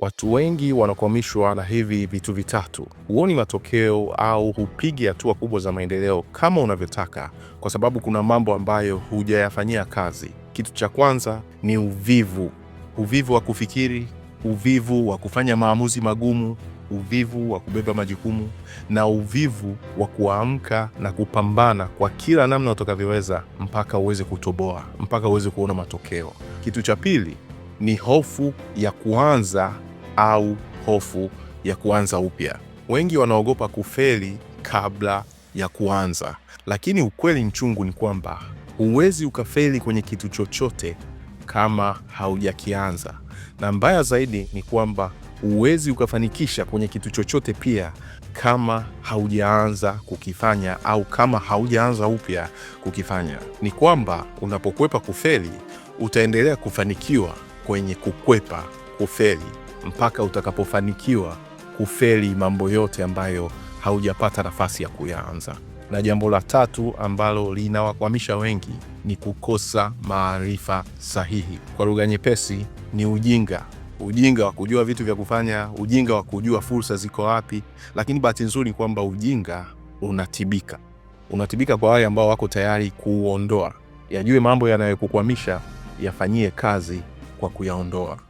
Watu wengi wanakwamishwa na hivi vitu vitatu. Huoni matokeo au hupigi hatua kubwa za maendeleo kama unavyotaka, kwa sababu kuna mambo ambayo hujayafanyia kazi. Kitu cha kwanza ni uvivu, uvivu wa kufikiri, uvivu wa kufanya maamuzi magumu, uvivu wa kubeba majukumu na uvivu wa kuamka na kupambana kwa kila namna utakavyoweza mpaka uweze kutoboa, mpaka uweze kuona matokeo. Kitu cha pili ni hofu ya kuanza au hofu ya kuanza upya. Wengi wanaogopa kufeli kabla ya kuanza, lakini ukweli mchungu ni kwamba huwezi ukafeli kwenye kitu chochote kama haujakianza, na mbaya zaidi ni kwamba huwezi ukafanikisha kwenye kitu chochote pia kama haujaanza kukifanya au kama haujaanza upya kukifanya. Ni kwamba unapokwepa kufeli, utaendelea kufanikiwa kwenye kukwepa kufeli mpaka utakapofanikiwa kufeli mambo yote ambayo haujapata nafasi ya kuyaanza. Na jambo la tatu ambalo linawakwamisha wengi ni kukosa maarifa sahihi. Kwa lugha nyepesi, ni ujinga ujinga wa kujua vitu vya kufanya, ujinga wa kujua fursa ziko wapi. Lakini bahati nzuri ni kwamba ujinga unatibika, unatibika kwa wale ambao wako tayari kuuondoa. Yajue mambo yanayokukwamisha, yafanyie kazi kwa kuyaondoa.